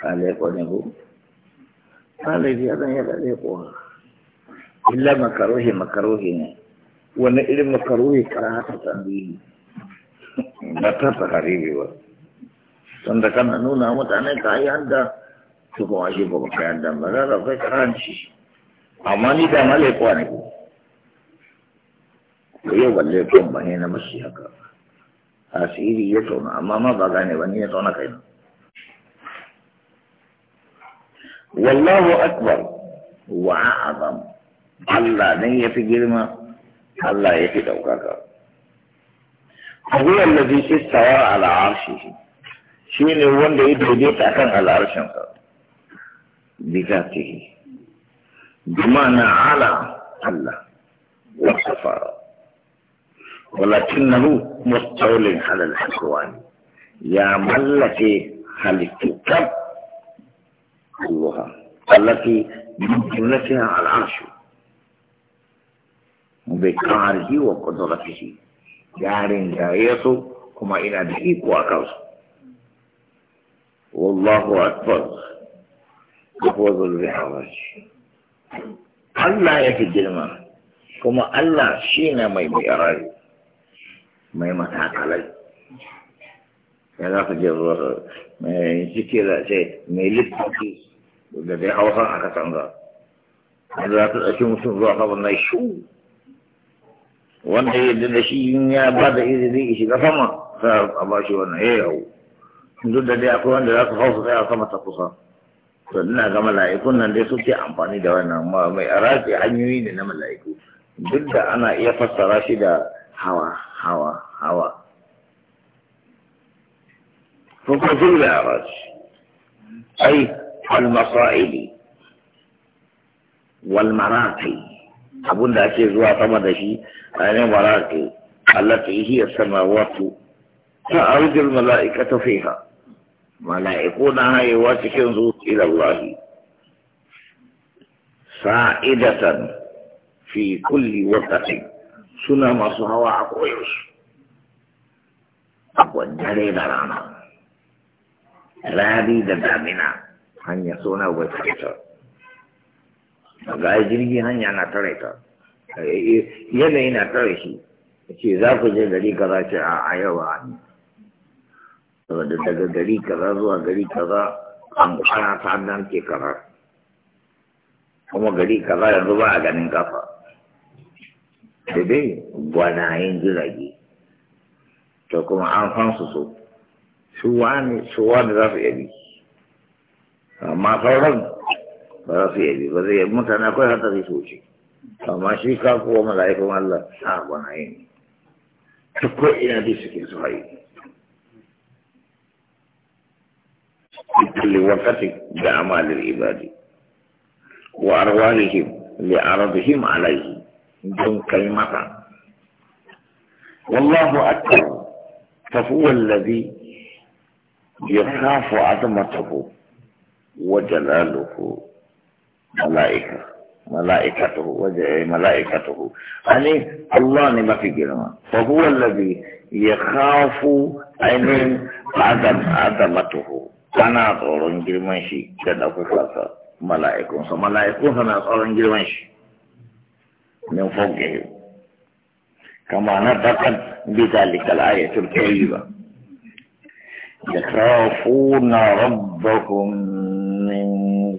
ka leko ne ko ɗalibi ya zan yada leko illa makarohi makarohi ne wani irin makarohi kara haka tambayi ba ta taharibi ba tunda kana nuna mutane ka yi handa su kuma shi ba ka yi handa ba za ka kai karanci amma ni da malekuwa ne ko yau balle kun ba ne na mashi haka asiri ya tona amma ma ba ne ba ni ya tona kai wallahu akbar wa azam Allah ne ya fi girma Allah ya fi daukaka huwa allazi istawa ala arshihi ne wanda ya daidaita kan al'arshin sa bi zatihi bi ma'ana ala Allah wa fara. ولكنه مستول على الحكوان يا ملك هلكتك الله التي من جملتها العرش بقهره وقدرته جار جايته كما إلى دقيق وأكوز والله أكبر وهو ذو الله يكي جلما كما الله شينا ما يبقى mai matakalai ya za ka je mai da ce mai littafi da dai hausa kasan canza a za ka ɗauki mutum zuwa saman na shu wanda ya da shi ya ba da zai ishi shiga sama ta a ba shi wannan ya yawo duk da dai akwai wanda za su hausa sai a sama ta kusa to ina ga mala'ikun nan dai suke amfani da wannan mai arafi hanyoyi ne na mala'iku duk da ana iya fassara shi da hawa hawa هوا فقدر الأعراج أي المصائب والمراقي أبونا أشياء زواء طمدشي أنا مراقي التي هي السماوات فأرد الملائكة فيها ملائكونها يواتكن إلى الله سائدة في كل وقت سنة ما صهوا عقويش kuwa dare da rana rari da damina hanya suna wata ita ga jirgi hanya na tare ta yanayi na tare shi ce za ku je gari kaza ce a yau a ne saboda daga gari kaza zuwa gari kaza an kwana ta nan ke kaza kuma gari kaza yanzu ba a ganin kafa da dai gwanayen jirage تكون عن فانسوس شواني شواني رافي أبي ما خلق رافي أبي بذي مثلا أقول هذا في سوشي ما شيء كافو وما لا يكون الله صعب عين تكوي إلى ديسك الصحيح بكل وقت بأعمال العباد وأرواحهم لعرضهم عليه دون كلمة والله أكبر فهو الذي يخاف عظمته وجلاله ملائكة ملائكته ملائكته يعني الله نما في جرما فهو الذي يخاف أن عدم عدمته أنا أقول جرمان شيء كذا فلسفة ملائكون سملائكون سنا أقول جرمان شيء من فوقهم كما نطقت بذلك الآية الكريمة يخافون ربهم من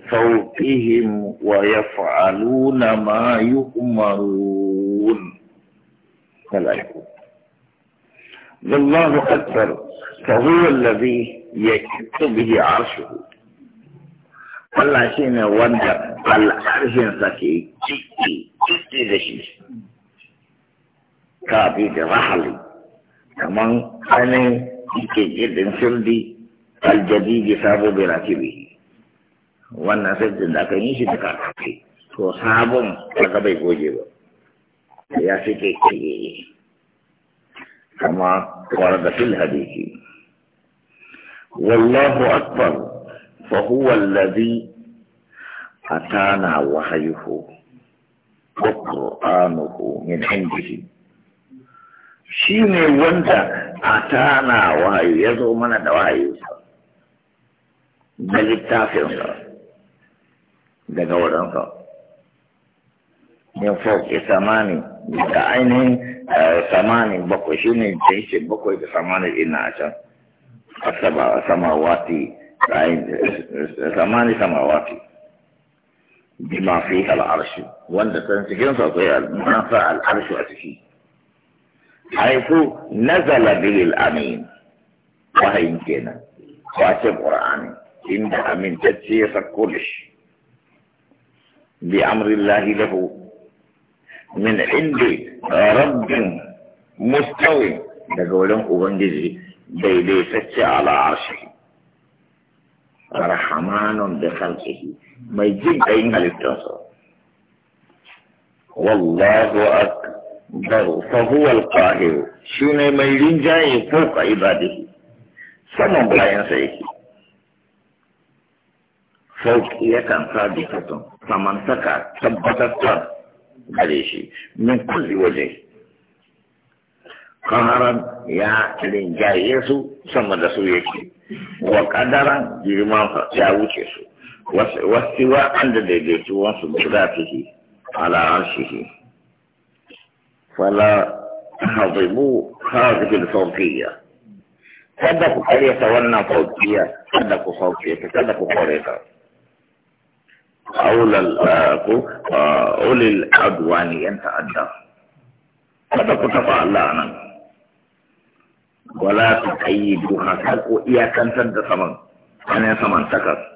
فوقهم ويفعلون ما يؤمرون والله أكبر فهو الذي يكتب به عرشه الله شيء وندر العرش سكي تكي تكي كابي رحلي كمان أنا كجد سلدي الجديد سابو براتبه wannan sirrin da aka yi shi da kakafi to sabon daga bai goge ba ya fi ke kiyaye كما ورد في الحديث والله أكبر فهو الذي أتانا وحيه وقرآنه من عنده shi ne wanda a tana wayo ya zo mana da wahayi da littafinsa daga wadansa min ke samani da ainihin samanin bakwai shi ne da yake bakwai da samanin ina a can asaba samawati samani samawati ma fi al'arshi wanda san cikinsa akwai al'arshi a ciki حيث نزل به الأمين وهي كنا واسب قرآن إن أمين تتسير كلش بأمر الله له من عند رب مستوي دقولهم أبنجزي بيدي فتش على عرشه رحمان بخلقه ما يجيب أين هل والله أكبر فهو القاهر شنو ما يرجع فوق عباده saman bayansa yake sauki yakan sa saka samantaka tabbatattar gare shi min kulli waje kanaran ya rinjaye su sama da su yake wa kadaran girmansa ya wuce su wasu an da daidaituwansu guda fihi ala arshihi فلا تهضموا هذه الفوقية صدق أن يتولى فوقية صدق فوقية صدق قرية أولى أولي أنت أدى صدق تفع الله عنه ولا تقيدوها صدق إياك أن تد ثمن أنا ثمن سكر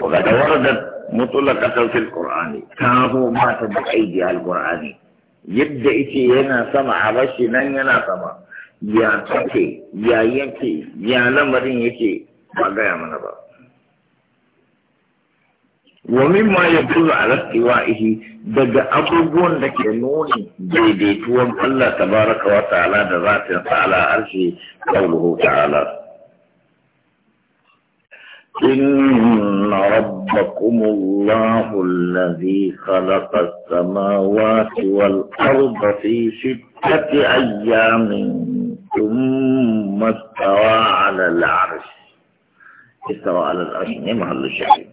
وقد وردت مطلقة في القرآن كانوا ما تدقيدها القرآن yadda yake yana sama a bashi nan yana sama ya take ya yake ya lamarin yake ba gaya mana ba wa mimma a rasuwa ihi daga abubuwan da ke nuni daidaituwan Allah tabaraka wa ta'ala da zatin sa ala arshi ta'ala إن ربكم الله الذي خلق السماوات والأرض في ستة أيام ثم استوى على العرش استوى على العرش محل الشهيد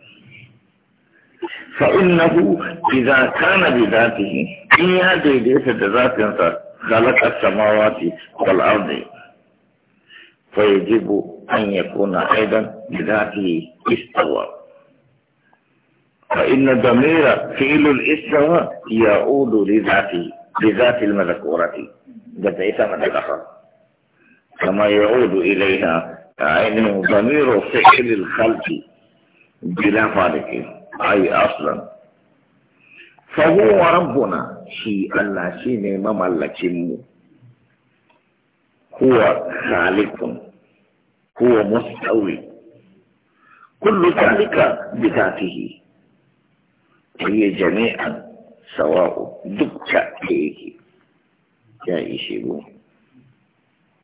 فإنه إذا كان بذاته إن يدي ليس بذاته خلق السماوات والأرض ويجب أن يكون أيضا بذاته استوى فإن ضمير فعل الاستوى يعود لذاته لذات المذكورة ذات إسامة الأخر كما يعود إليها عينه ضمير فعل الخلق بلا فارق أي أصلا فهو ربنا شيء الله شيء مملكه هو خالق هو مستوي كل ذلك بذاته هي جميعا سواء دكا إليه يا إشيبون